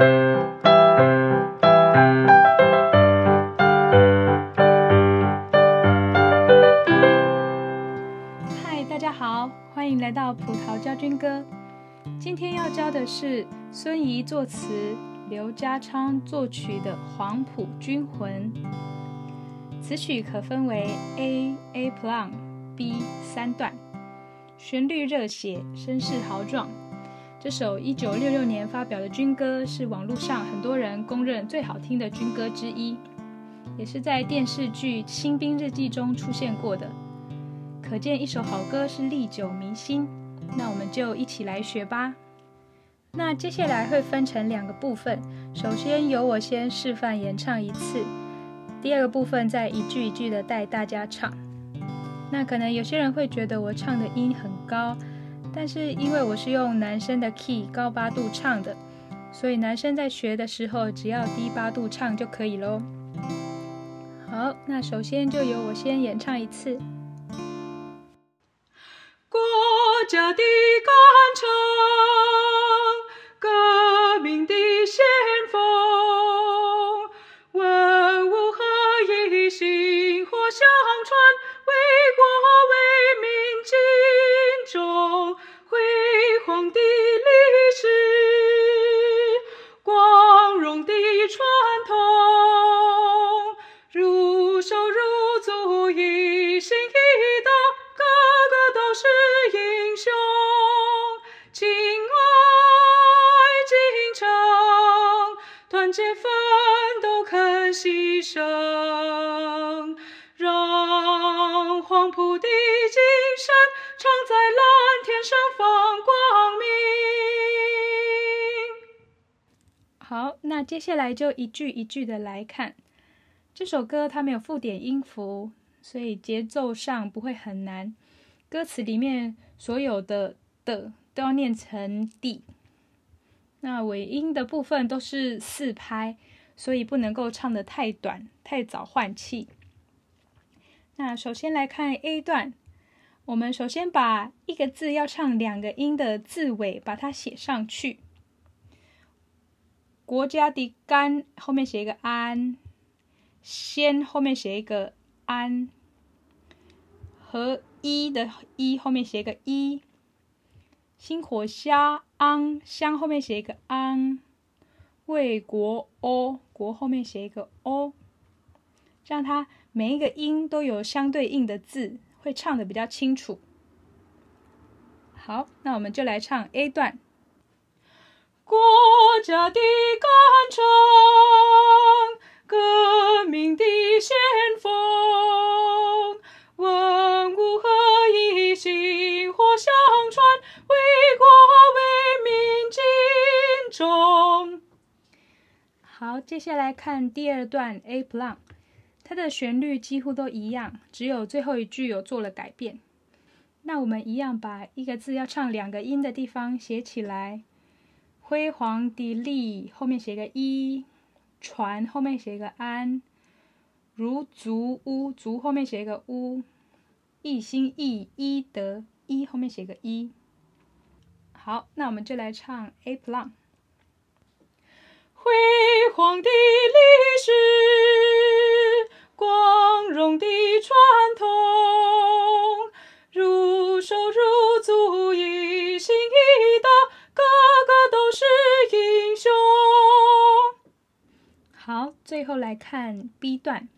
嗨，Hi, 大家好，歡迎來到葡萄教軍歌。今天要教的是孫儀作詞、劉家昌作曲的《黃埔軍魂》。詞曲可分為 A A prime B 三段，旋律熱血，聲勢豪壯。這首1966年發表的軍歌是網絡上很多人公認最好聽的軍歌之一，也是在電視劇《新兵日記》中出現過的。可見，一首好歌是歷久彌新。那我們就一起來學吧。那接下來會分成兩個部分，首先由我先示範演唱一次，第二個部分再一句一句地帶大家唱。那可能有些人會覺得我唱的音很高。但是因為我是用男生的 key 高八度唱的，所以男生在學的時候只要低八度唱就可以嘍。好，那首先就由我先演唱一次。國家的干城結奮鬥肯犧牲，讓黃埔的精神，常在藍天上放光明。好，那接下來就一句一句的來看這首歌，它沒有附點音符，所以節奏上不會很難。歌詞裡面所有的的都要念成 d 那尾音的部分都是四拍，所以不能夠唱的太短，太早換氣。那首先來看 A 段，我們首先把一個字要唱兩個音的字尾，把它寫上去。國家的干後面寫一個安，先後面寫一個安，合一的一後面寫一個一。薪火香，安，香後面寫一個安；為國哦，國後面寫一個哦。讓它每一個音都有相對應的字，會唱得比較清楚。好，那我們就來唱 A 段。國家的干城，革命的先鋒。好，接下來看第二段 A Plan，它的旋律幾乎都一樣，只有最後一句有做了改變。那我們一樣把一個字要唱兩個音的地方寫起來。輝煌的歷後面寫一個一，傳後面寫個安，如足屋足後面寫一個屋，一心一一德一後面寫一個一。好，那我們就來唱 A Plan。輝煌的歷史，光榮的傳統，如手如足，一心一德，個個都是英雄。好，最後來看 B 段，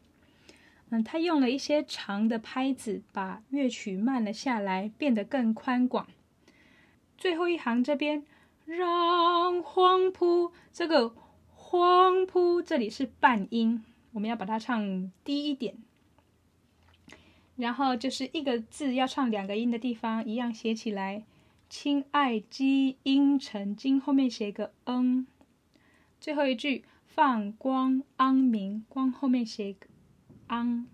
嗯，他用了一些長的拍子，把樂曲慢了下來，變得更寬廣。最後一行這邊，讓黃埔這個。黃埔，這裡是半音，我們要把它唱低一點。然後就是一個字要唱兩個音的地方，一樣寫起來。親愛精誠，精後面寫一個嗯。最後一句放光昂明，光後面寫一個昂。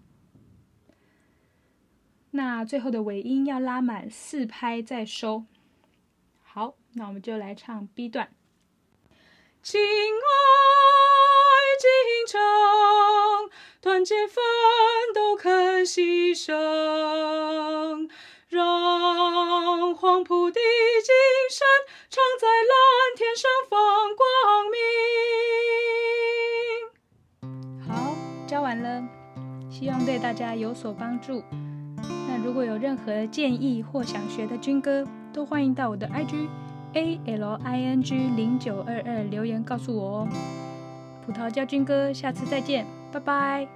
那最後的尾音要拉滿四拍再收。好，那我們就來唱 B 段。親愛精誠，團結奮鬥肯犧牲，讓黃埔的精神常在藍天上放光明。好，教完了，希望對大家有所幫助。那如果有任何建議或想學的軍歌，都歡迎到我的 IG。a l i n g 零九二二，留言告訴我哦，葡萄教軍歌，下次再見，拜拜。